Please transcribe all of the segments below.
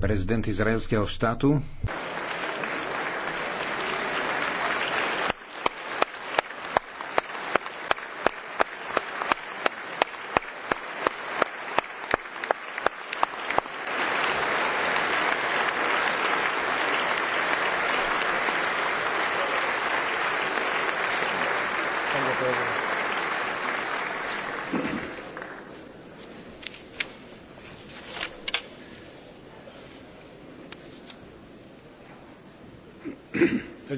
Prezident izraelského štátu.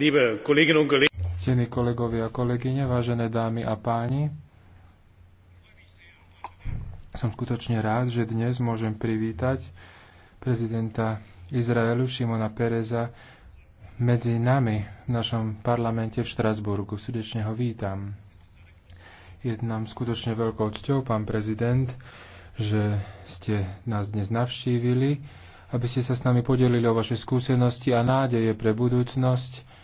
liebe Kolleginnen und Kollegen. Ctení kolegovia a kolegyne, vážené dámy a páni, som skutočne rád, že dnes môžem privítať prezidenta Izraelu Šimona Pereza medzi nami v našom parlamente v Štrasburgu. Srdečne ho vítam. Je nám skutočne veľkou cťou, pán prezident, že ste nás dnes navštívili, aby ste sa s nami podelili o vaše skúsenosti a nádeje pre budúcnosť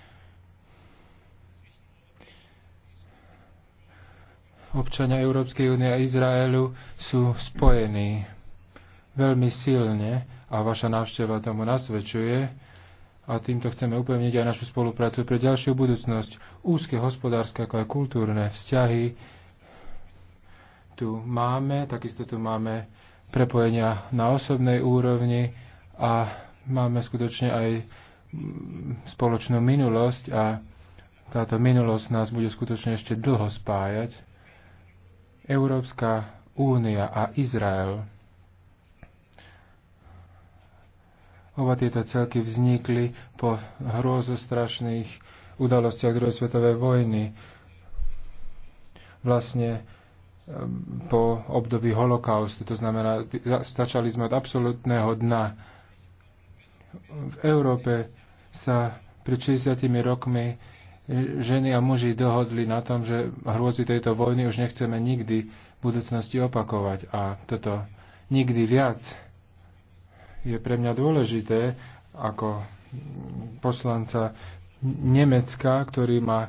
občania Európskej únie a Izraelu sú spojení veľmi silne a vaša návšteva tomu nasvedčuje a týmto chceme upevniť aj našu spoluprácu pre ďalšiu budúcnosť. Úzke hospodárske ako aj kultúrne vzťahy tu máme, takisto tu máme prepojenia na osobnej úrovni a máme skutočne aj spoločnú minulosť a táto minulosť nás bude skutočne ešte dlho spájať. Európska únia a Izrael. Oba tieto celky vznikli po hrozostrašných udalostiach druhej svetovej vojny. Vlastne po období holokaustu. To znamená, stačali sme od absolútneho dna. V Európe sa pred 60 rokmi ženy a muži dohodli na tom, že hrôzy tejto vojny už nechceme nikdy v budúcnosti opakovať. A toto nikdy viac je pre mňa dôležité ako poslanca Nemecka, ktorý má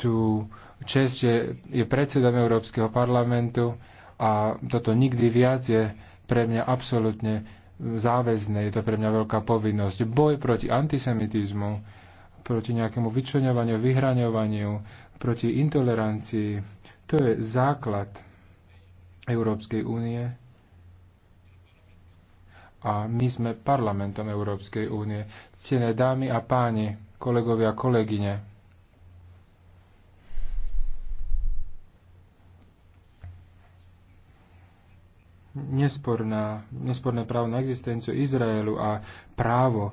tú čest, že je predsedom Európskeho parlamentu a toto nikdy viac je pre mňa absolútne záväzné, je to pre mňa veľká povinnosť. Boj proti antisemitizmu proti nejakému vyčleňovaniu, vyhraňovaniu, proti intolerancii. To je základ Európskej únie a my sme parlamentom Európskej únie. Ctené dámy a páni, kolegovia a kolegyne, nesporná, nesporné právo na existenciu Izraelu a právo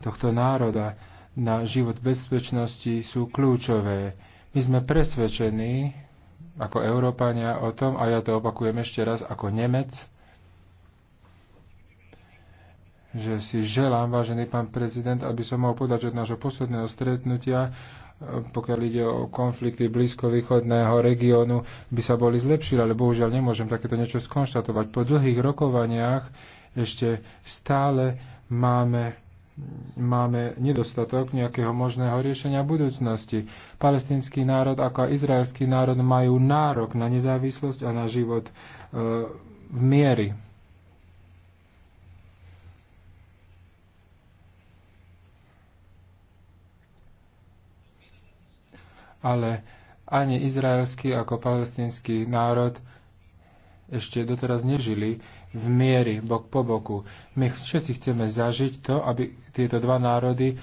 tohto národa na život bezpečnosti sú kľúčové. My sme presvedčení ako Európania o tom, a ja to opakujem ešte raz ako Nemec, že si želám, vážený pán prezident, aby som mohol podať od nášho posledného stretnutia, e, pokiaľ ide o konflikty blízkovýchodného regiónu, by sa boli zlepšili, ale bohužiaľ nemôžem takéto niečo skonštatovať. Po dlhých rokovaniach ešte stále máme máme nedostatok nejakého možného riešenia budúcnosti. Palestinský národ ako aj izraelský národ majú nárok na nezávislosť a na život e, v miery. Ale ani izraelský ako palestinský národ ešte doteraz nežili v miery, bok po boku. My všetci chceme zažiť to, aby tieto dva národy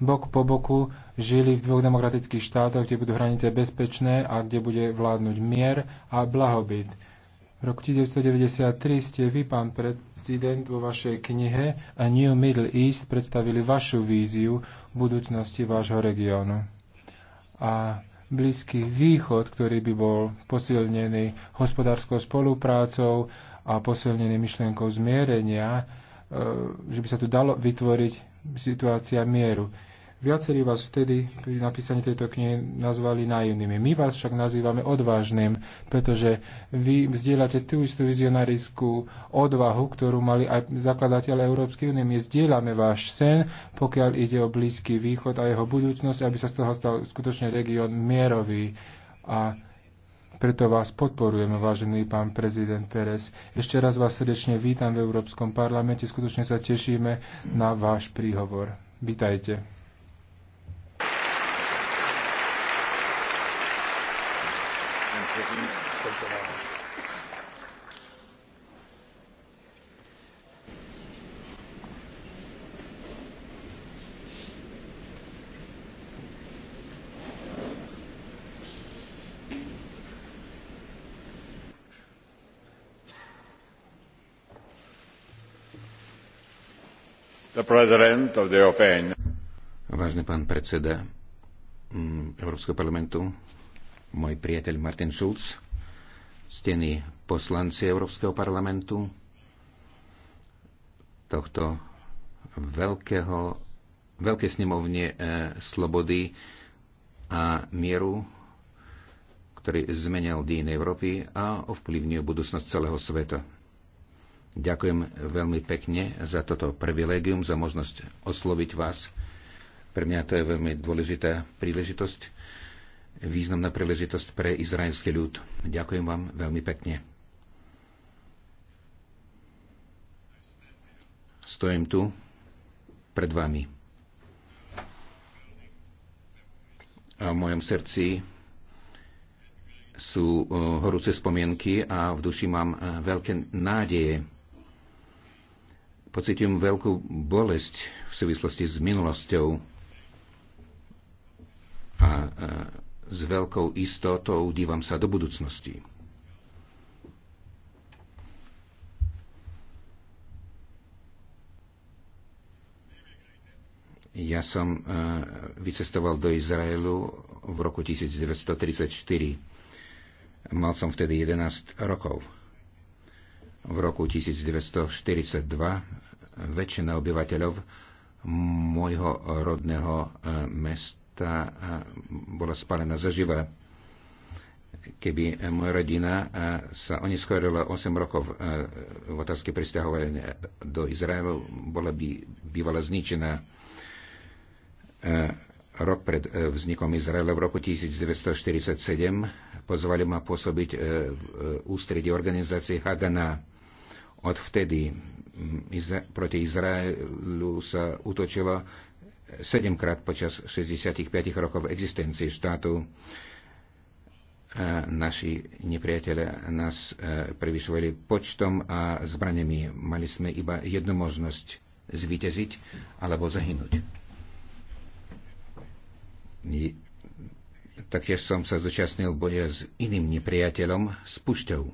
bok po boku žili v dvoch demokratických štátoch, kde budú hranice bezpečné a kde bude vládnuť mier a blahobyt. V roku 1993 ste vy, pán prezident, vo vašej knihe A New Middle East predstavili vašu víziu budúcnosti vášho regiónu. A Blízky východ, ktorý by bol posilnený hospodárskou spoluprácou a posilnený myšlienkou zmierenia, e, že by sa tu dalo vytvoriť situácia mieru. Viacerí vás vtedy pri napísaní tejto knihy nazvali naivnými. My vás však nazývame odvážnym, pretože vy vzdielate tú istú vizionáriskú odvahu, ktorú mali aj zakladateľe Európskej únie. My zdieľame váš sen, pokiaľ ide o Blízky východ a jeho budúcnosť, aby sa z toho stal skutočne región mierový. A preto vás podporujem, vážený pán prezident Pérez. Ešte raz vás srdečne vítam v Európskom parlamente. Skutočne sa tešíme na váš príhovor. Vítajte. Vážený pán predseda mm, Európskeho parlamentu, môj priateľ Martin Schulz, stení poslanci Európskeho parlamentu, tohto veľkého, veľké snemovne e, slobody a mieru, ktorý zmenil dýny Európy a ovplyvňuje budúcnosť celého sveta. Ďakujem veľmi pekne za toto privilégium, za možnosť osloviť vás. Pre mňa to je veľmi dôležitá príležitosť, významná príležitosť pre izraelský ľud. Ďakujem vám veľmi pekne. Stojím tu pred vami. A v mojom srdci sú eh, horúce spomienky a v duši mám eh, veľké nádeje pocitím veľkú bolesť v súvislosti s minulosťou a s veľkou istotou dívam sa do budúcnosti. Ja som e, vycestoval do Izraelu v roku 1934. Mal som vtedy 11 rokov. V roku 1942 väčšina obyvateľov môjho rodného e, mesta e, bola spálená zaživa. Keby e, moja rodina sa oneskorila 8 rokov v otázke pristahovania do Izraelu, bola by bývala zničená rok pred vznikom Izraela v roku 1947 pozvali ma pôsobiť v ústredí organizácie Hagana. Od vtedy Izra- proti Izraelu sa utočilo sedemkrát počas 65 rokov existencie štátu. A naši nepriatelia nás e, prevyšovali počtom a zbraniami. Mali sme iba jednu možnosť zvíťaziť alebo zahynúť. Taktiež som sa zúčastnil boja s iným nepriateľom, s pušťou.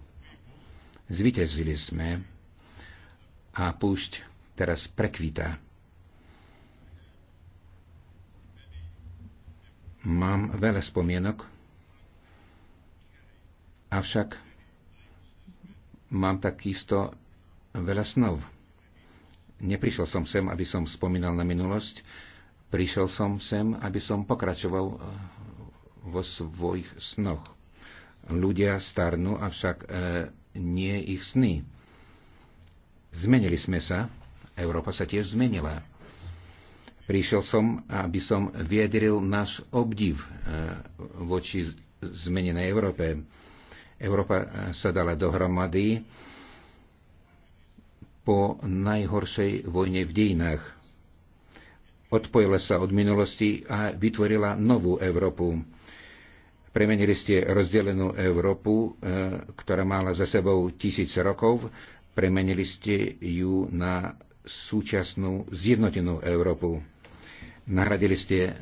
Zvíťazili sme a púšť teraz prekvítá. Mám veľa spomienok, avšak mám takisto veľa snov. Neprišiel som sem, aby som spomínal na minulosť, prišiel som sem, aby som pokračoval eh, vo svojich snoch. Ľudia starnú, avšak e, nie ich sny. Zmenili sme sa, Európa sa tiež zmenila. Prišiel som, aby som viedril náš obdiv eh, voči zmenenej Európe. Európa eh, sa dala dohromady po najhoršej vojne v dejinách. Odpojila sa od minulosti a vytvorila novú Európu. Premenili ste rozdelenú Európu, eh, ktorá mala za sebou tisíc rokov, Premenili ste ju na súčasnú zjednotenú Európu. Nahradili ste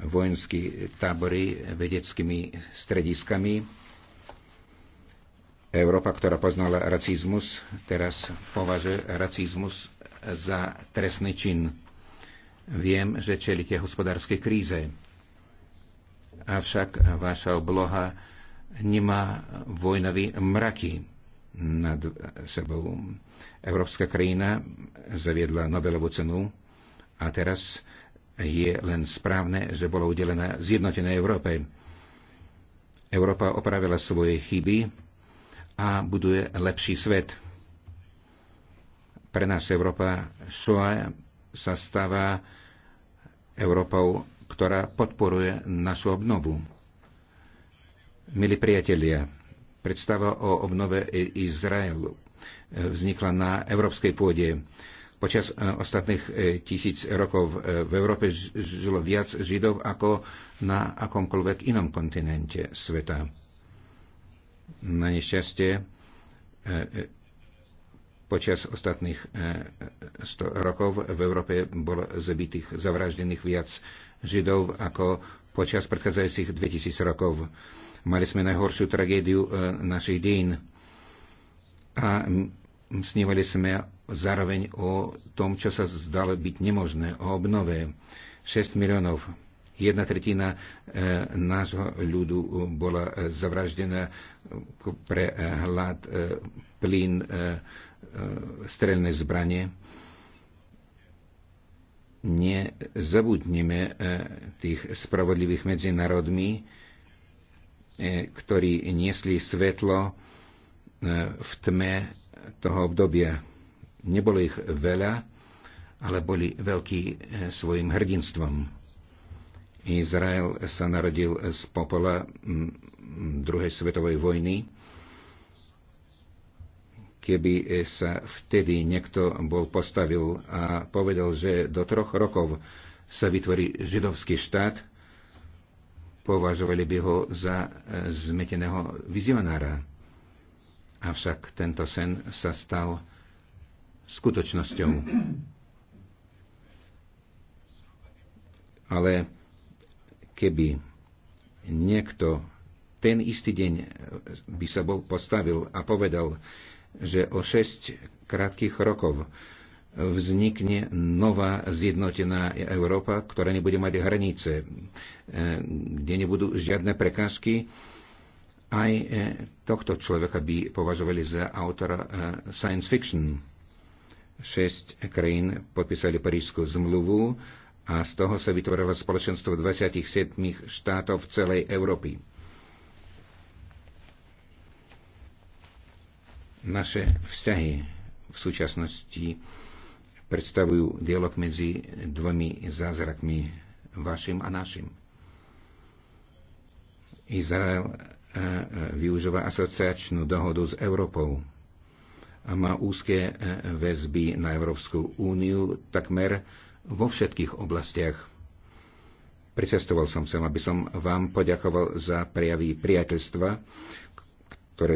vojenské tábory vedeckými strediskami. Európa, ktorá poznala racizmus, teraz považuje racizmus za trestný čin. Viem, že čelíte hospodárskej kríze. Avšak vaša obloha nemá vojnové mraky nad sebou. Európska krajina zaviedla Nobelovú cenu a teraz je len správne, že bola udelená zjednotené Európe. Európa opravila svoje chyby a buduje lepší svet. Pre nás Európa Shoa sa stáva Európou, ktorá podporuje našu obnovu. Milí priatelia, Predstava o obnove Izraelu e, vznikla na európskej pôde. Počas e, ostatných e, tisíc rokov v Európe žilo viac Židov ako na akomkoľvek inom kontinente sveta. Na nešťastie počas ostatných 100 rokov v Európe bolo zabitých, zavraždených viac Židov ako počas predchádzajúcich 2000 rokov. Mali sme najhoršiu tragédiu e, našich dejín a snívali sme zároveň o tom, čo sa zdalo byť nemožné, o obnove. 6 miliónov, jedna tretina e, nášho ľudu bola e, zavraždená pre hlad, plyn, strelné zbranie nezabudneme e, tých spravodlivých medzi národmi, e, ktorí niesli svetlo e, v tme toho obdobia. Nebolo ich veľa, ale boli veľkí svojim hrdinstvom. Izrael sa narodil z popola druhej svetovej vojny keby eh, sa vtedy niekto bol postavil a povedal, že do troch rokov sa vytvorí židovský štát, považovali by ho za eh, zmeteného vizionára. Avšak tento sen sa stal skutočnosťou. Ale keby niekto ten istý deň by sa bol postavil a povedal, že o 6 krátkých rokov vznikne nová zjednotená Európa, ktorá nebude mať hranice, e, kde nebudú žiadne prekážky. Aj e, tohto človeka by považovali za autora e, science fiction. Šesť krajín podpísali Parížskú zmluvu a z toho sa vytvorilo spoločenstvo 27 štátov celej Európy Naše vzťahy v súčasnosti predstavujú dialog medzi dvomi zázrakmi, vašim a našim. Izrael e, e, využíva asociačnú dohodu s Európou a má úzke väzby na Európsku úniu takmer vo všetkých oblastiach. Pricestoval som sem, aby som vám poďakoval za prejavy priateľstva, ktoré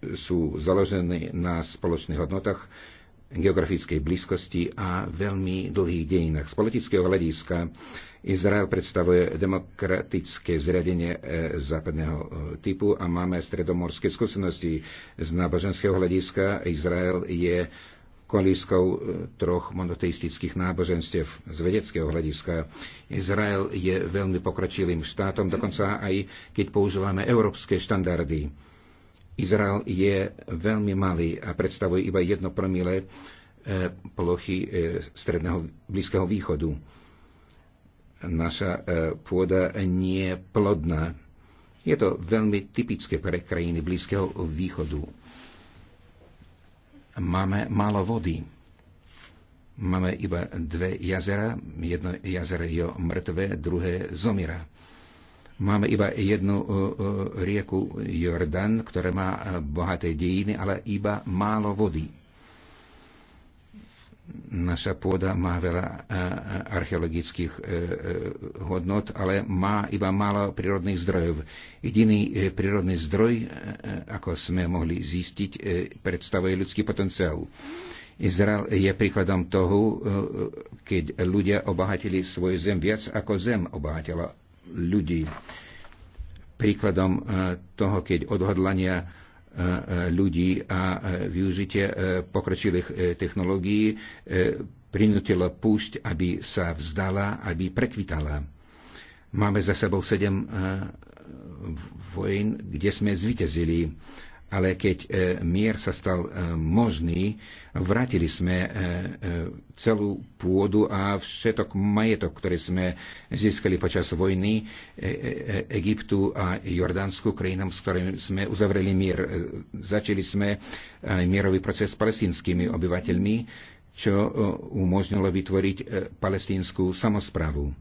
sú založené na spoločných hodnotách, geografickej blízkosti a veľmi dlhých dejinách. Z politického hľadiska Izrael predstavuje demokratické zriadenie e, západného e, typu a máme stredomorské skúsenosti. Z náboženského hľadiska Izrael je kolískou e, troch monoteistických náboženstiev z vedeckého hľadiska. Izrael je veľmi pokročilým štátom, dokonca aj keď používame európske štandardy Izrael je veľmi malý a predstavuje iba jedno promile e, plochy e, stredného Blízkeho východu. Naša e, pôda nie je plodná. Je to veľmi typické pre krajiny Blízkeho východu. Máme málo vody. Máme iba dve jazera. Jedno jazero je mŕtve, druhé zomiera Máme iba jednu e, e, rieku Jordan, ktorá má e, bohaté dejiny, ale iba málo vody. Naša pôda má veľa archeologických hodnot, ale má iba málo prírodných zdrojov. Jediný prírodný zdroj, ako sme mohli zistiť, predstavuje ľudský potenciál. Izrael je príkladom toho, keď ľudia obohatili svoju zem viac, ako zem obohatila ľudí. Príkladom e, toho, keď odhodlania e, e, ľudí a využitie pokročilých technológií prinútilo púšť, aby sa vzdala, aby prekvitala. Máme za sebou sedem vojen, kde sme zvitezili ale keď e, mier sa stal e, možný, vrátili sme e, celú pôdu a všetok majetok, ktorý sme získali počas vojny Egyptu a Jordánsku krajinám, s ktorými sme uzavreli mier. Začali sme aj mierový proces s palestinskými obyvateľmi, čo umožnilo vytvoriť Palestinskú samozprávu.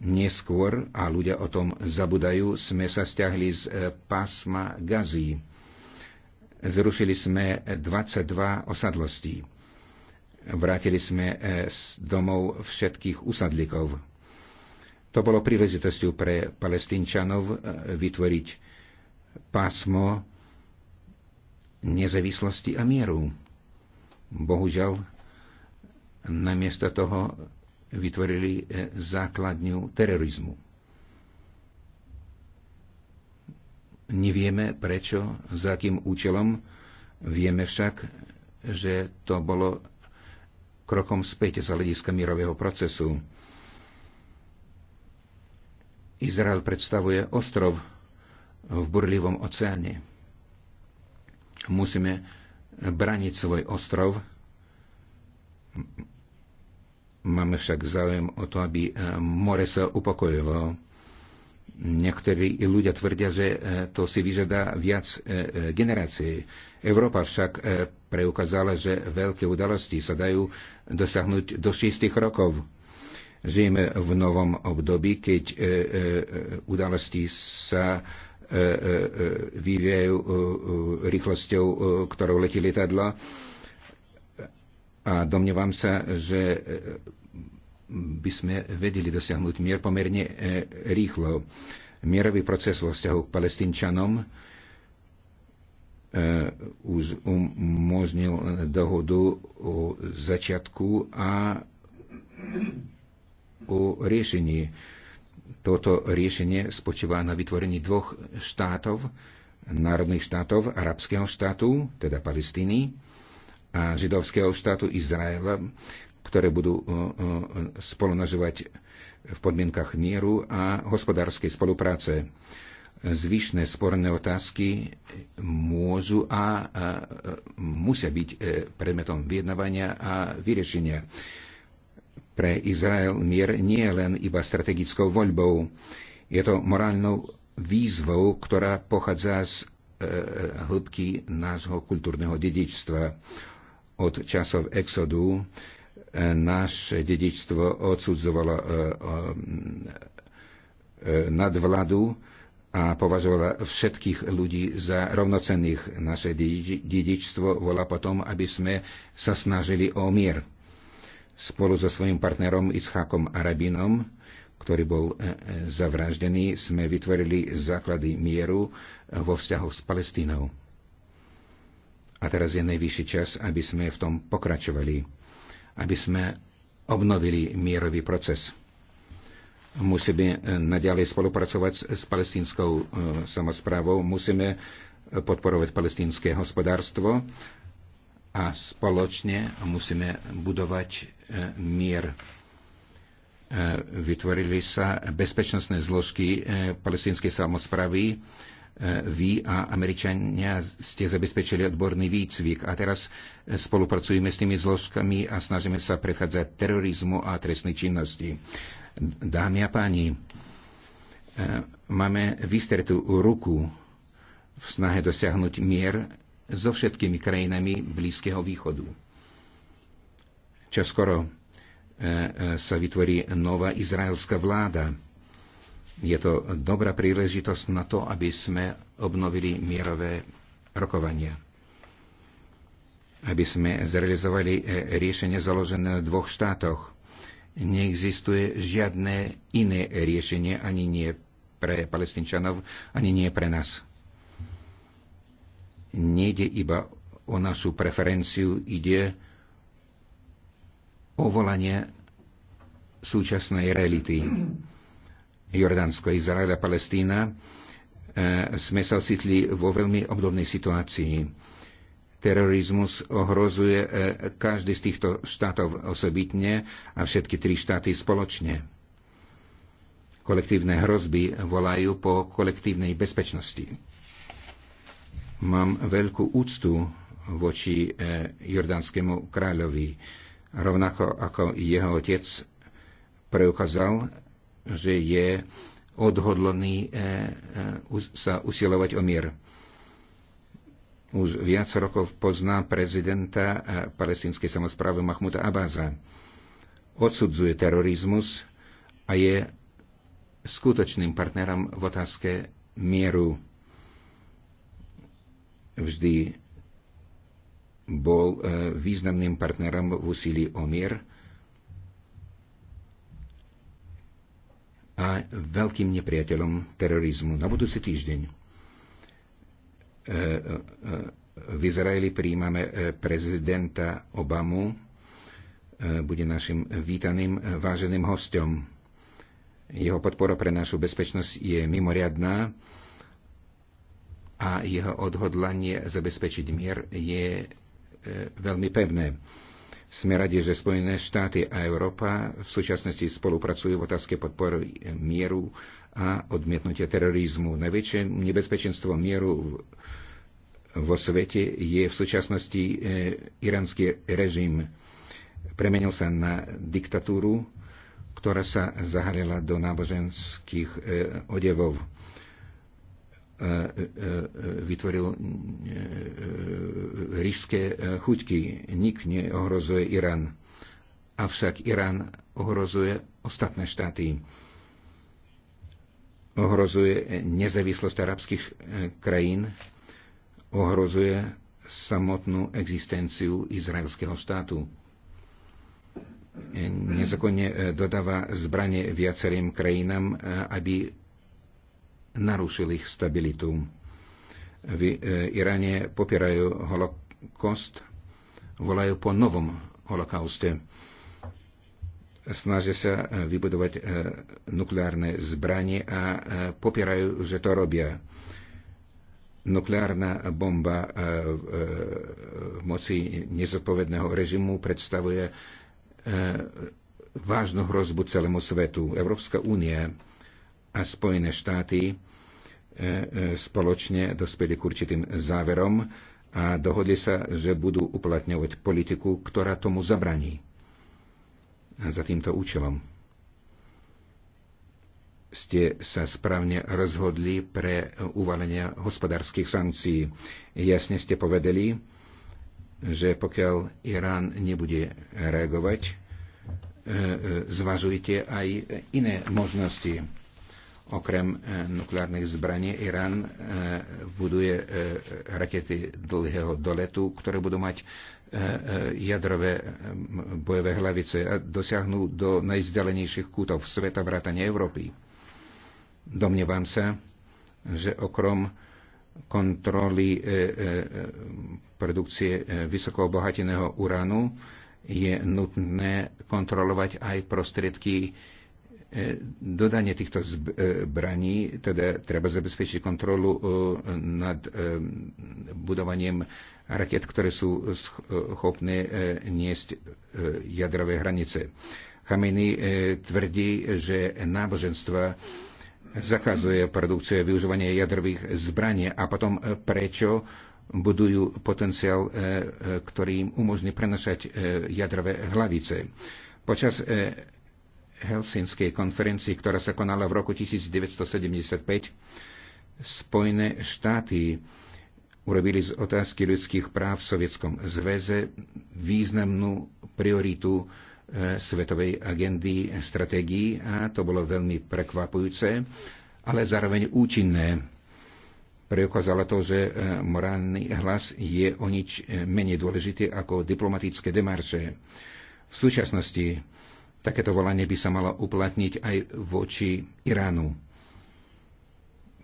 Neskôr, a ľudia o tom zabudajú, sme sa stiahli z e, pásma Gazí. Zrušili sme 22 osadlostí. Vrátili sme z e, domov všetkých usadlíkov. To bolo príležitosťou pre palestínčanov e, vytvoriť pásmo nezávislosti a mieru. Bohužiaľ, namiesto toho vytvorili e, základňu terorizmu. Nevieme prečo, za akým účelom, vieme však, že to bolo krokom späť z hľadiska mírového procesu. Izrael predstavuje ostrov v burlivom oceáne. Musíme braniť svoj ostrov, Máme však záujem o to, aby e, more sa upokojilo. Niektorí ľudia tvrdia, že e, to si vyžadá viac e, generácií. Európa však preukázala, že veľké udalosti sa dajú dosiahnuť do šiestich rokov. Žijeme v novom období, keď udalosti sa vyvíjajú rýchlosťou, ktorou letí lietadlo. A domnievam sa, že e, by sme vedeli dosiahnuť mier pomerne e, rýchlo. Mierový proces vo vzťahu k palestínčanom e, už umožnil dohodu o začiatku a o riešení. Toto riešenie spočíva na vytvorení dvoch štátov, národných štátov, arabského štátu, teda Palestíny, a židovského štátu Izraela, ktoré budú spolunažovať v podmienkach mieru a hospodárskej spolupráce. Zvyšné sporné otázky môžu a, a musia byť e, predmetom vyjednávania a vyriešenia. Pre Izrael mier nie je len iba strategickou voľbou. Je to morálnou výzvou, ktorá pochádza z e, hĺbky nášho kultúrneho dedičstva od časov exodu e, naše dedičstvo odsudzovalo e, e, nadvladu a považovala všetkých ľudí za rovnocenných. Naše dedičstvo volá potom, aby sme sa snažili o mier. Spolu so svojím partnerom Ishakom Arabinom, ktorý bol zavraždený, sme vytvorili základy mieru vo vzťahoch s Palestínou. A teraz je najvyšší čas, aby sme v tom pokračovali, aby sme obnovili mierový proces. Musíme eh, naďalej spolupracovať s palestínskou eh, samozprávou, musíme eh, podporovať palestínske hospodárstvo a spoločne musíme budovať mier vytvorili sa bezpečnostné zložky palestinskej samozprávy. E, vy a Američania ste zabezpečili odborný výcvik a teraz e, spolupracujeme s tými zložkami a snažíme sa prechádzať terorizmu a trestnej činnosti. Dámy a páni, e, máme vystretú ruku v snahe dosiahnuť mier so všetkými krajinami Blízkeho východu. Čo skoro sa vytvorí nová izraelská vláda je to dobrá príležitosť na to, aby sme obnovili mierové rokovania. Aby sme zrealizovali e, riešenie založené na dvoch štátoch. Neexistuje žiadne iné riešenie, ani nie pre palestinčanov, ani nie pre nás. Nejde iba o našu preferenciu, ide o volanie súčasnej reality Jordánsko, Izrael a Palestína, e, sme sa ocitli vo veľmi obdobnej situácii. Terorizmus ohrozuje e, každý z týchto štátov osobitne a všetky tri štáty spoločne. Kolektívne hrozby volajú po kolektívnej bezpečnosti. Mám veľkú úctu voči e, jordánskému kráľovi, rovnako ako jeho otec preukázal že je odhodlný e, e, sa usilovať o mier. Už viac rokov pozná prezidenta e, palestinskej samozprávy Mahmuda Abáza. Odsudzuje terorizmus a je skutočným partnerom v otázke mieru. Vždy bol významným partnerom v úsilí o mier a veľkým nepriateľom terorizmu. Na budúci týždeň e, e, e, v Izraeli príjmame prezidenta Obamu, bude našim vítaným, váženým hostom. Jeho podpora pre našu bezpečnosť je mimoriadná a jeho odhodlanie zabezpečiť mier je veľmi pevné. Sme radi, že Spojené štáty a Európa v súčasnosti spolupracujú v otázke podpory mieru a odmietnutia terorizmu. Najväčšie nebezpečenstvo mieru vo svete je v súčasnosti eh, iránsky režim. Premenil sa na diktatúru, ktorá sa zahalila do náboženských eh, odevov E, e, e, vytvoril rížské chuťky. Nik neohrozuje Irán. Avšak Irán ohrozuje ostatné štáty. Ohrozuje nezávislosť arabských krajín. Ohrozuje samotnú existenciu izraelského štátu. Nezakonne dodáva zbranie viacerým krajinám, aby narušil ich stabilitu. V e, Iráne popierajú holokost, volajú po novom holokauste. Snažia sa e, vybudovať e, nukleárne zbranie a popierajú, že to robia. Nukleárna bomba v moci nezodpovedného režimu predstavuje vážnu hrozbu celému svetu. Európska únia a Spojené štáty e, e, spoločne dospeli k určitým záverom a dohodli sa, že budú uplatňovať politiku, ktorá tomu zabraní. A za týmto účelom ste sa správne rozhodli pre uvalenie hospodárskych sankcií. Jasne ste povedali, že pokiaľ Irán nebude reagovať, e, zvažujte aj iné možnosti Okrem e, nukleárnych zbraní Irán e, buduje e, rakety dlhého doletu, ktoré budú mať jadrové bojové hlavice a dosiahnu do najzdalenejších kútov sveta vrátane Európy. Domnievam sa, že okrom kontroly produkcie vysoko obohateného uránu je nutné kontrolovať aj prostriedky E, dodanie týchto zbraní, e, teda treba zabezpečiť kontrolu e, nad budovaním raket, ktoré sú schopné niesť jadrové hranice. Chameny tvrdí, že náboženstva zakazuje produkciu a využívanie jadrových zbraní a potom prečo budujú potenciál, ktorý im umožní prenašať jadrové hlavice. Počas Helsinskej konferencii, ktorá sa konala v roku 1975, Spojené štáty urobili z otázky ľudských práv v Sovietskom zväze významnú prioritu e, svetovej agendy, stratégií a to bolo veľmi prekvapujúce, ale zároveň účinné. Preukázalo to, že e, morálny hlas je o nič e, menej dôležitý ako diplomatické demarše. V súčasnosti Takéto volanie by sa malo uplatniť aj voči Iránu.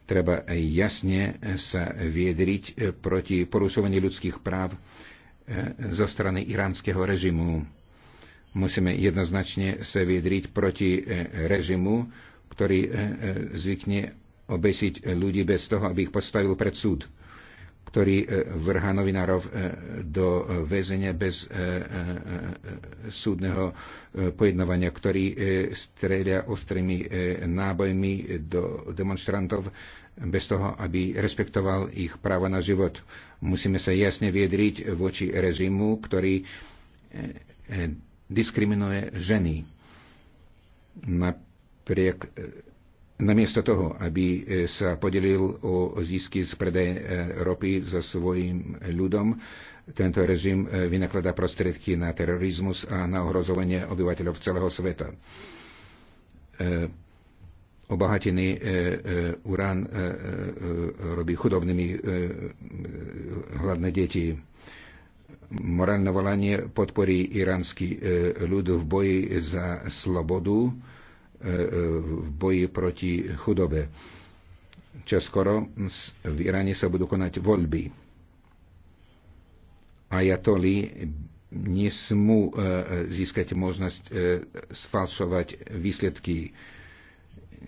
Treba aj jasne sa viedriť eh, proti porušovaní ľudských práv eh, zo strany iránskeho režimu. Musíme jednoznačne sa viedriť proti eh, režimu, ktorý zvykne obesiť ľudí bez toho, aby ich postavil pred súd ktorý e, vrhá novinárov e, do väzenia bez e, súdneho pojednovania, ktorý strelia ostrými nábojmi do demonstrantov bez toho, aby respektoval ich právo na život. Musíme sa jasne viedriť voči režimu, ktorý diskriminuje ženy. Napriek Namiesto toho, aby e, sa podelil o zisky z predaje e, ropy so svojím ľudom, tento režim e, vynakladá prostriedky na terorizmus a na ohrozovanie obyvateľov celého sveta. Obohatený urán robí chudobnými hladné deti. Morálne volanie podporí iránsky ľud v boji za slobodu, E, e, v boji proti chudobe. Čoskoro v Iráne sa budú konať voľby. Ajatoli nesmú e, získať možnosť sfalšovať výsledky,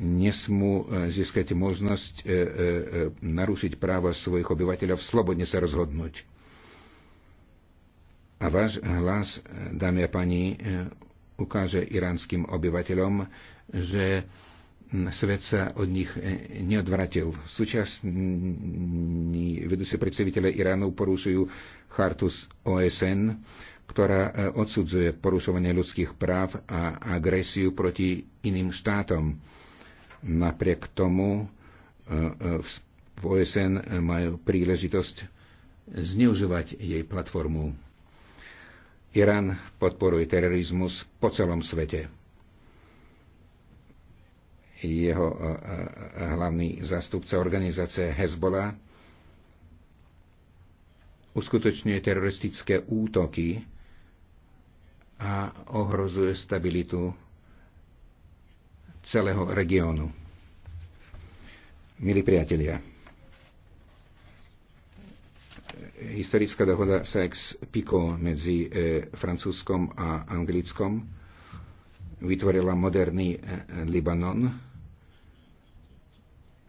nesmú získať možnosť narušiť práva svojich obyvateľov slobodne sa rozhodnúť. A váš hlas, dámy a pani, ukáže iránskym obyvateľom, že svet sa od nich neodvratil. Súčasní vedúci predstaviteľe Iránu porušujú chartus OSN, ktorá e, odsudzuje porušovanie ľudských práv a agresiu proti iným štátom. Napriek tomu e, e, v OSN majú príležitosť zneužívať jej platformu. Irán podporuje terorizmus po celom svete jeho hlavný zastupca organizácie Hezbollah uskutočňuje teroristické útoky a ohrozuje stabilitu celého regiónu. Milí priatelia, historická dohoda Sykes-Picot medzi e, Francúzskom a Anglickom vytvorila moderný e, Libanon,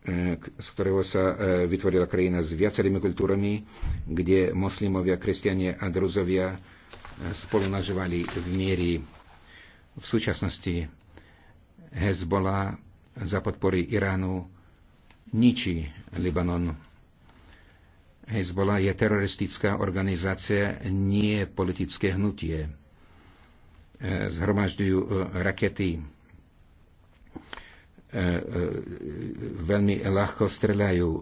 E, z ktorého sa e, vytvorila krajina s viacerými kultúrami, kde moslimovia, kresťania a druzovia e, spolu nažívali v miery. V súčasnosti Hezbola za podpory Iránu ničí Libanon. Hezbola je teroristická organizácia, nie politické hnutie. Zhromažďujú rakety E, e, veľmi ľahko strelajú, e,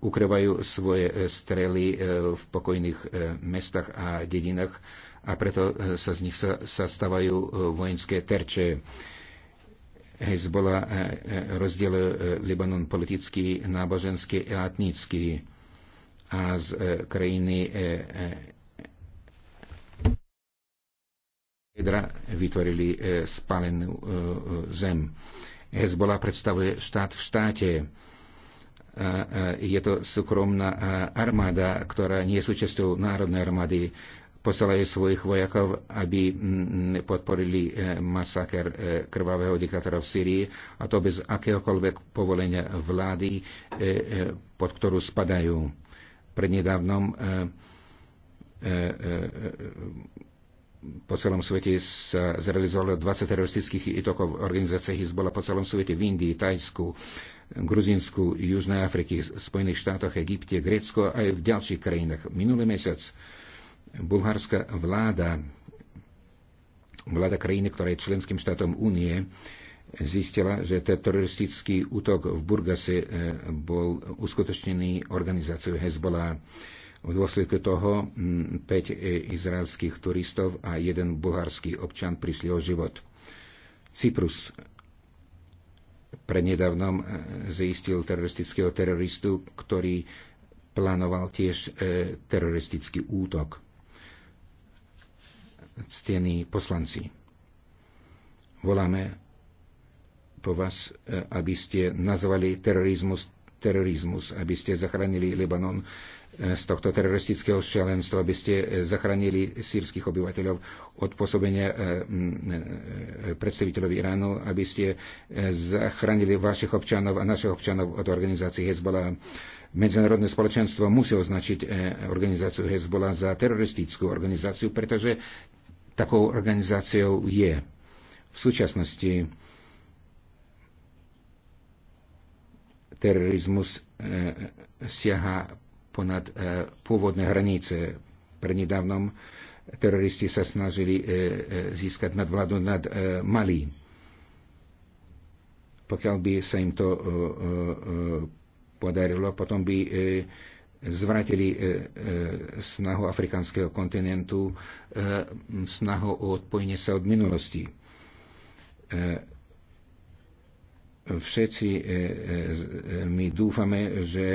ukrývajú svoje strely v pokojných mestách a dedinách a preto sa z nich sa, sa stávajú vojenské terče. Hezbola rozdieluje Libanon politicky, náboženský a etnický a z krajiny vytvorili spálenú zem. Hezbola predstavuje štát v štáte. Je to súkromná armáda, ktorá nie je súčasťou národnej armády. Poselajú svojich vojakov, aby podporili e, masaker e, krvavého diktátora v Syrii, a to bez akéhokoľvek povolenia vlády, e, pod ktorú spadajú. Prednedávnom po celom svete sa zrealizovalo 20 teroristických itokov organizácie Hezbollah po celom svete v Indii, Tajsku, Gruzinsku, Južnej Afriky, Spojených štátoch, Egypte, Grécko a aj v ďalších krajinách. Minulý mesiac bulharská vláda, vláda krajiny, ktorá je členským štátom únie, zistila, že ten teroristický útok v Burgase eh, bol uskutočnený organizáciou Hezbollah v dôsledku toho 5 mm, e, izraelských turistov a jeden bulharský občan prišli o život. Cyprus prednedávnom e, zistil teroristického teroristu, ktorý plánoval tiež e, teroristický útok. Ctení poslanci, voláme po vás, aby ste nazvali terorizmus terorizmus, aby ste zachránili Libanon eh, z tohto teroristického šialenstva, aby ste eh, zachránili sírskych obyvateľov od pôsobenia eh, predstaviteľov Iránu, aby ste zachránili vašich občanov a našich občanov od organizácií Hezbollah. Medzinárodné spoločenstvo musí označiť organizáciu Hezbollah za teroristickú organizáciu, pretože takou organizáciou je. V súčasnosti terorizmus e, e, siaha ponad e, pôvodné hranice. Prednedávnom teroristi sa snažili získať nadvládu nad Malí. Pokiaľ by sa im to podarilo, potom by zvratili snahu afrikanského kontinentu, snahu o odpojenie sa od minulosti Všetci e, e, e, my dúfame, že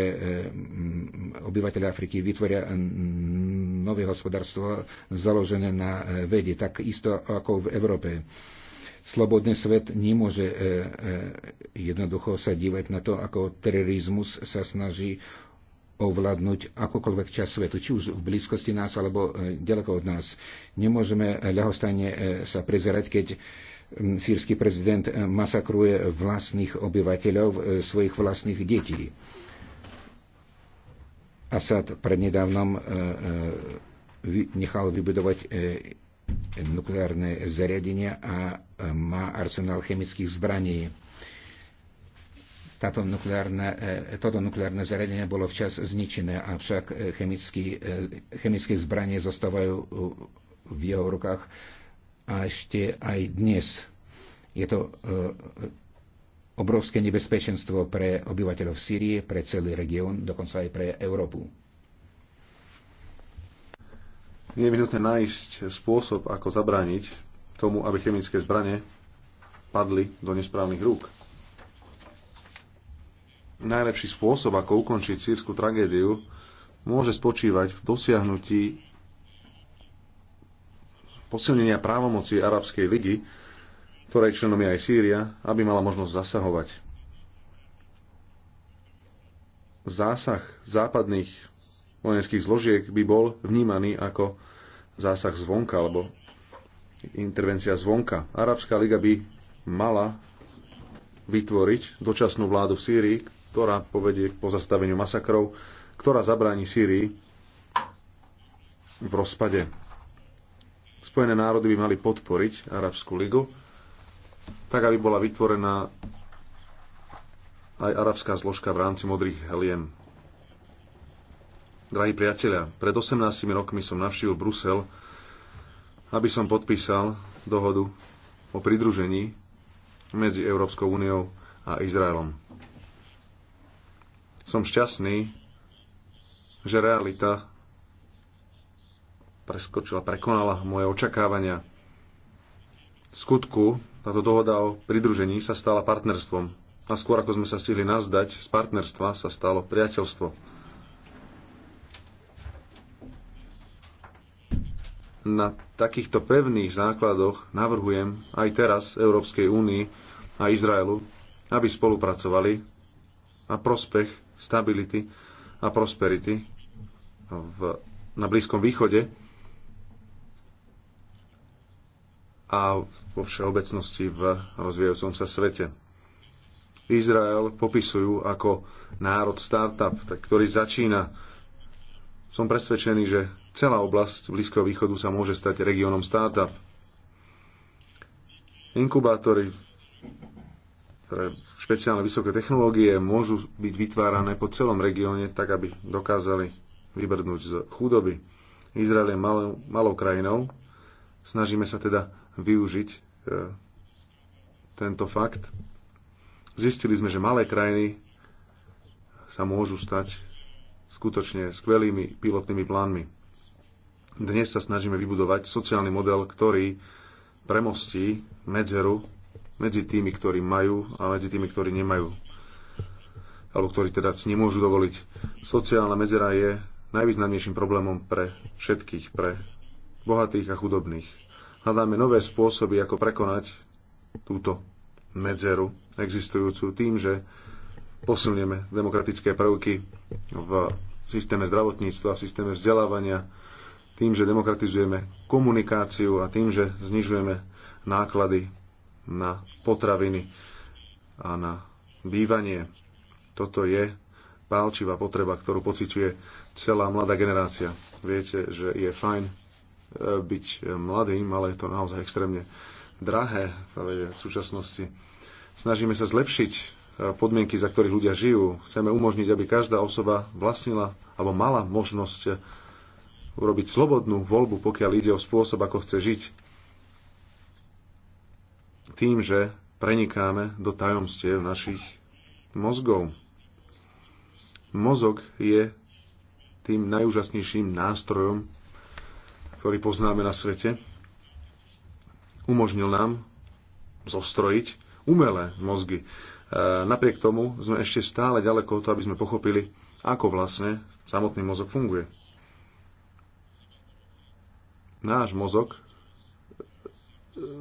obyvateľe Afriky vytvoria nové hospodárstvo založené na vede, tak isto ako v Európe. Slobodný svet nemôže jednoducho sa dívať na to, ako terorizmus sa snaží ovládnuť akokoľvek čas svetu, či už v blízkosti nás alebo ďaleko od nás. Nemôžeme ľahostajne sa prezerať, keď sírsky prezident e, masakruje vlastných obyvateľov, e, svojich vlastných detí. Asad prednedávnom e, nechal vybudovať nukleárne zariadenia a má arsenál chemických zbraní. Táto nukleárne, toto nukleárne zariadenie bolo včas zničené, avšak chemické zbranie zostávajú v jeho rukách a ešte aj dnes. Je to e, obrovské nebezpečenstvo pre obyvateľov Sýrie, pre celý región, dokonca aj pre Európu. Je minúte nájsť spôsob, ako zabrániť tomu, aby chemické zbranie padli do nesprávnych rúk. Najlepší spôsob, ako ukončiť sírskú tragédiu, môže spočívať v dosiahnutí posilnenia právomoci Arabskej ligy, ktorej členom je aj Sýria, aby mala možnosť zasahovať. Zásah západných vojenských zložiek by bol vnímaný ako zásah zvonka alebo intervencia zvonka. Arabská liga by mala vytvoriť dočasnú vládu v Sýrii, ktorá povedie k pozastaveniu masakrov, ktorá zabráni Sýrii v rozpade. Spojené národy by mali podporiť Arabskú ligu, tak aby bola vytvorená aj arabská zložka v rámci modrých helien. Drahí priatelia, pred 18 rokmi som navštívil Brusel, aby som podpísal dohodu o pridružení medzi Európskou úniou a Izraelom. Som šťastný, že realita preskočila, prekonala moje očakávania. V skutku táto dohoda o pridružení sa stala partnerstvom. A skôr ako sme sa stihli nazdať, z partnerstva sa stalo priateľstvo. Na takýchto pevných základoch navrhujem aj teraz Európskej únii a Izraelu, aby spolupracovali na prospech stability a prosperity v, na Blízkom východe a vo všeobecnosti v rozvíjajúcom sa svete. Izrael popisujú ako národ startup, ktorý začína. Som presvedčený, že celá oblasť Blízkeho východu sa môže stať regiónom startup. Inkubátory pre špeciálne vysoké technológie môžu byť vytvárané po celom regióne tak, aby dokázali vybrnúť z chudoby. Izrael je malou, malou krajinou. Snažíme sa teda využiť e, tento fakt. Zistili sme, že malé krajiny sa môžu stať skutočne skvelými pilotnými plánmi. Dnes sa snažíme vybudovať sociálny model, ktorý premostí medzeru medzi tými, ktorí majú a medzi tými, ktorí nemajú. Alebo ktorí teda si nemôžu dovoliť. Sociálna medzera je najvýznamnejším problémom pre všetkých, pre bohatých a chudobných hľadáme nové spôsoby, ako prekonať túto medzeru existujúcu tým, že posilneme demokratické prvky v systéme zdravotníctva, v systéme vzdelávania, tým, že demokratizujeme komunikáciu a tým, že znižujeme náklady na potraviny a na bývanie. Toto je pálčivá potreba, ktorú pociťuje celá mladá generácia. Viete, že je fajn byť mladým, ale je to naozaj extrémne drahé v súčasnosti. Snažíme sa zlepšiť e, podmienky, za ktorých ľudia žijú. Chceme umožniť, aby každá osoba vlastnila alebo mala možnosť e, urobiť slobodnú voľbu, pokiaľ ide o spôsob, ako chce žiť. Tým, že prenikáme do tajomstiev našich mozgov. Mozog je tým najúžasnejším nástrojom ktorý poznáme na svete, umožnil nám zostrojiť umelé mozgy. E, napriek tomu sme ešte stále ďaleko od toho, aby sme pochopili, ako vlastne samotný mozog funguje. Náš mozog e,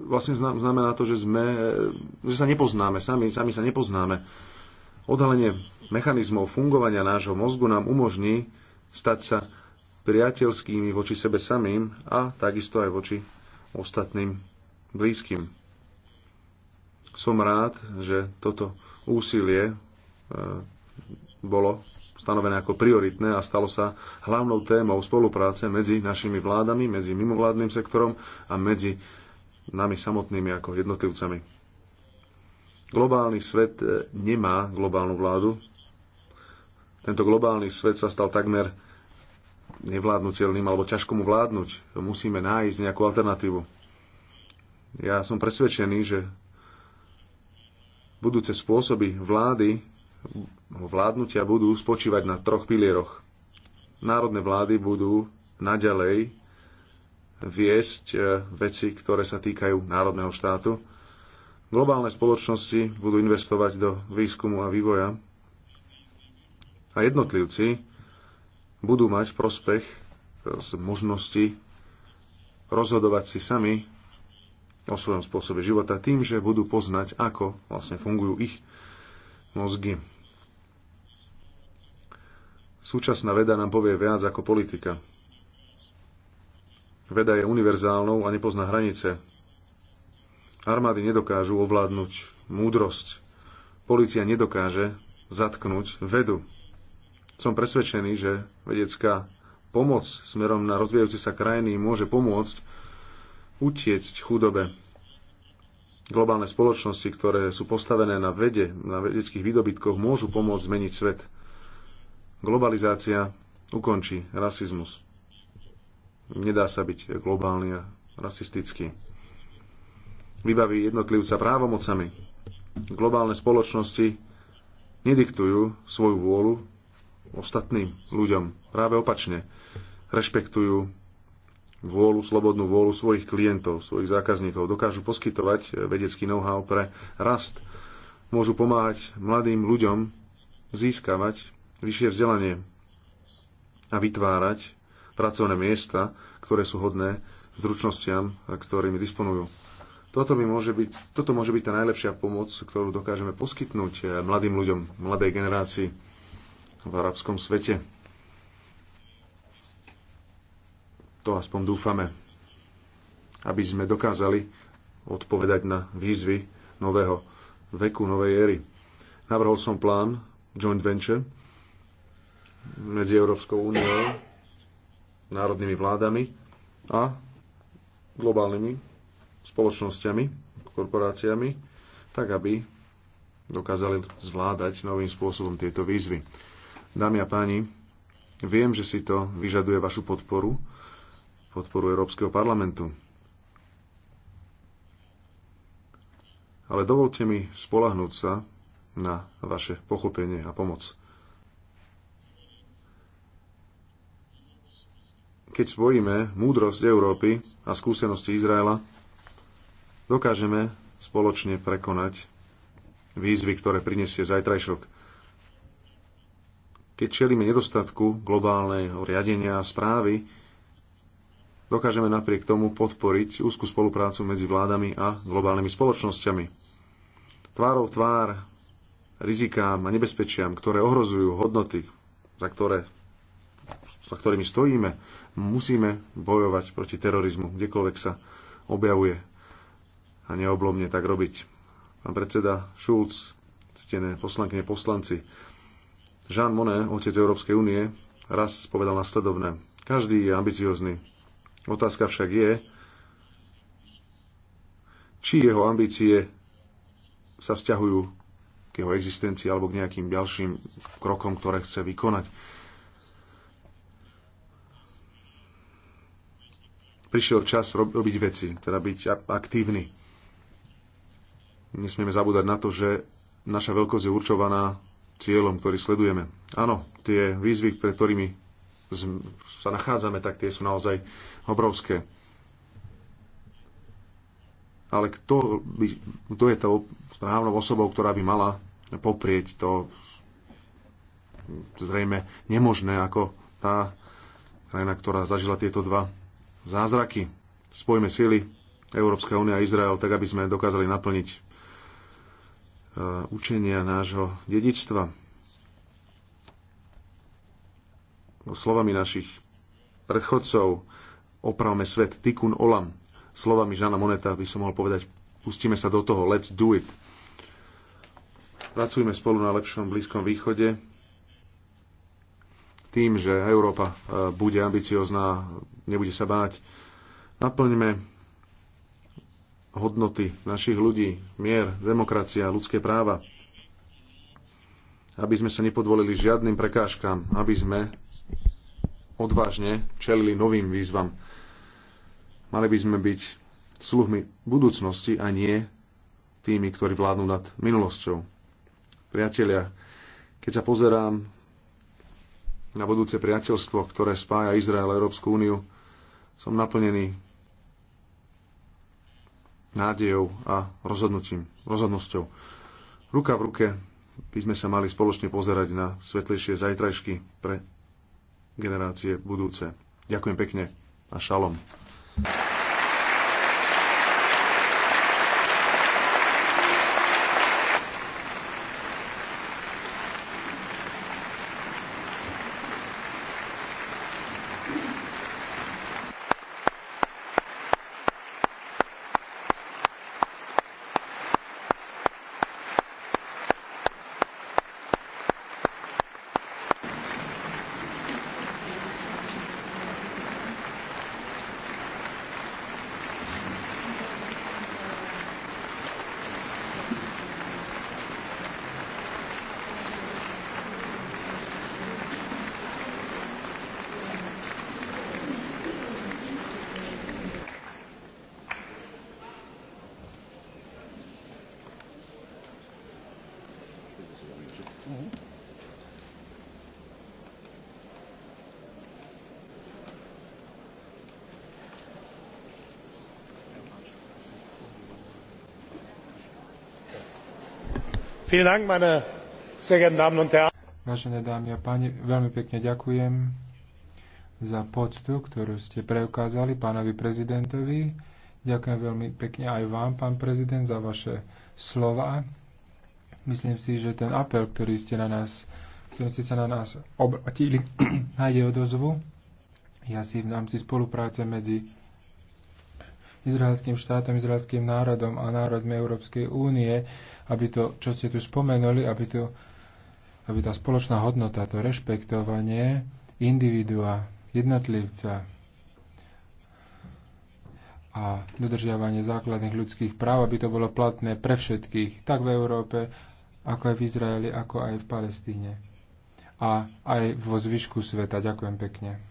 vlastne znamená to, že, sme, e, že sa nepoznáme, sami, sami sa nepoznáme. Odhalenie mechanizmov fungovania nášho mozgu nám umožní stať sa priateľskými voči sebe samým a takisto aj voči ostatným blízkym. Som rád, že toto úsilie e, bolo stanovené ako prioritné a stalo sa hlavnou témou spolupráce medzi našimi vládami, medzi mimovládnym sektorom a medzi nami samotnými ako jednotlivcami. Globálny svet e, nemá globálnu vládu. Tento globálny svet sa stal takmer nevládnutelným alebo ťažko mu vládnuť. Musíme nájsť nejakú alternatívu. Ja som presvedčený, že budúce spôsoby vlády, vládnutia budú spočívať na troch pilieroch. Národné vlády budú naďalej viesť e, veci, ktoré sa týkajú národného štátu. Globálne spoločnosti budú investovať do výskumu a vývoja a jednotlivci budú mať prospech eh, z možnosti rozhodovať si sami o svojom spôsobe života tým, že budú poznať, ako vlastne fungujú ich mozgy. Súčasná veda nám povie viac ako politika. Veda je univerzálnou a nepozná hranice. Armády nedokážu ovládnuť múdrosť. Polícia nedokáže zatknúť vedu. Som presvedčený, že vedecká pomoc smerom na rozvíjajúce sa krajiny môže pomôcť utiecť chudobe. Globálne spoločnosti, ktoré sú postavené na vede, na vedeckých výdobytkoch, môžu pomôcť zmeniť svet. Globalizácia ukončí rasizmus. Nedá sa byť globálny a rasistický. Vybaví jednotlivca právomocami. Globálne spoločnosti nediktujú svoju vôľu ostatným ľuďom. Práve opačne. Rešpektujú vôľu, slobodnú vôľu svojich klientov, svojich zákazníkov. Dokážu poskytovať vedecký know-how pre rast. Môžu pomáhať mladým ľuďom získavať vyššie vzdelanie a vytvárať pracovné miesta, ktoré sú hodné zručnostiam, ktorými disponujú. Toto, mi môže byť, toto môže byť tá najlepšia pomoc, ktorú dokážeme poskytnúť mladým ľuďom, mladej generácii v arabskom svete. To aspoň dúfame, aby sme dokázali odpovedať na výzvy nového veku, novej éry. Navrhol som plán joint venture medzi Európskou úniou, národnými vládami a globálnymi spoločnosťami, korporáciami, tak aby dokázali zvládať novým spôsobom tieto výzvy. Dámy a páni, viem, že si to vyžaduje vašu podporu, podporu Európskeho parlamentu. Ale dovolte mi spolahnúť sa na vaše pochopenie a pomoc. Keď spojíme múdrosť Európy a skúsenosti Izraela, dokážeme spoločne prekonať výzvy, ktoré prinesie zajtrajšok. Keď čelíme nedostatku globálneho riadenia a správy, dokážeme napriek tomu podporiť úzku spoluprácu medzi vládami a globálnymi spoločnosťami. Tvárov tvár rizikám a nebezpečiam, ktoré ohrozujú hodnoty, za, ktoré, za ktorými stojíme, musíme bojovať proti terorizmu, kdekoľvek sa objavuje a neoblomne tak robiť. Pán predseda Šulc, stené poslankne poslanci, Jean Monnet, otec Európskej únie, raz povedal nasledovné. Každý je ambiciózny. Otázka však je, či jeho ambície sa vzťahujú k jeho existencii alebo k nejakým ďalším krokom, ktoré chce vykonať. Prišiel čas robiť veci, teda byť aktívny. Nesmieme zabúdať na to, že naša veľkosť je určovaná cieľom, ktorý sledujeme. Áno, tie výzvy, pred ktorými sa nachádzame, tak tie sú naozaj obrovské. Ale kto, by, kto je tou správnou osobou, ktorá by mala poprieť to zrejme nemožné, ako tá krajina, ktorá zažila tieto dva zázraky. Spojme sily Európska únia a Izrael tak, aby sme dokázali naplniť Eh, učenia nášho dedičstva. No, slovami našich predchodcov opravme svet tikun olam. Slovami Žana Moneta by som mohol povedať, pustíme sa do toho, let's do it. Pracujme spolu na lepšom Blízkom východe. Tým, že Európa eh, bude ambiciozná, nebude sa báť, naplňme hodnoty našich ľudí, mier, demokracia, ľudské práva. Aby sme sa nepodvolili žiadnym prekážkam, aby sme odvážne čelili novým výzvam. Mali by sme byť sluhmi budúcnosti a nie tými, ktorí vládnu nad minulosťou. Priatelia, keď sa pozerám na budúce priateľstvo, ktoré spája Izrael a Európsku úniu, som naplnený nádejou a rozhodnutím, rozhodnosťou. Ruka v ruke by sme sa mali spoločne pozerať na svetlejšie zajtrajšky pre generácie budúce. Ďakujem pekne a šalom. Vážené dámy a páni, veľmi pekne ďakujem za poctu, ktorú ste preukázali pánovi prezidentovi. Ďakujem veľmi pekne aj vám, pán prezident, za vaše slova. Myslím si, že ten apel, ktorý ste na nás, ktorý ste sa na nás obratili, nájde odozvu. Ja si v rámci spolupráce medzi izraelským štátom, izraelským národom a národmi Európskej únie, aby to, čo ste tu spomenuli, aby, tu, aby tá spoločná hodnota, to rešpektovanie individua, jednotlivca a dodržiavanie základných ľudských práv, aby to bolo platné pre všetkých, tak v Európe, ako aj v Izraeli, ako aj v Palestíne a aj vo zvyšku sveta. Ďakujem pekne.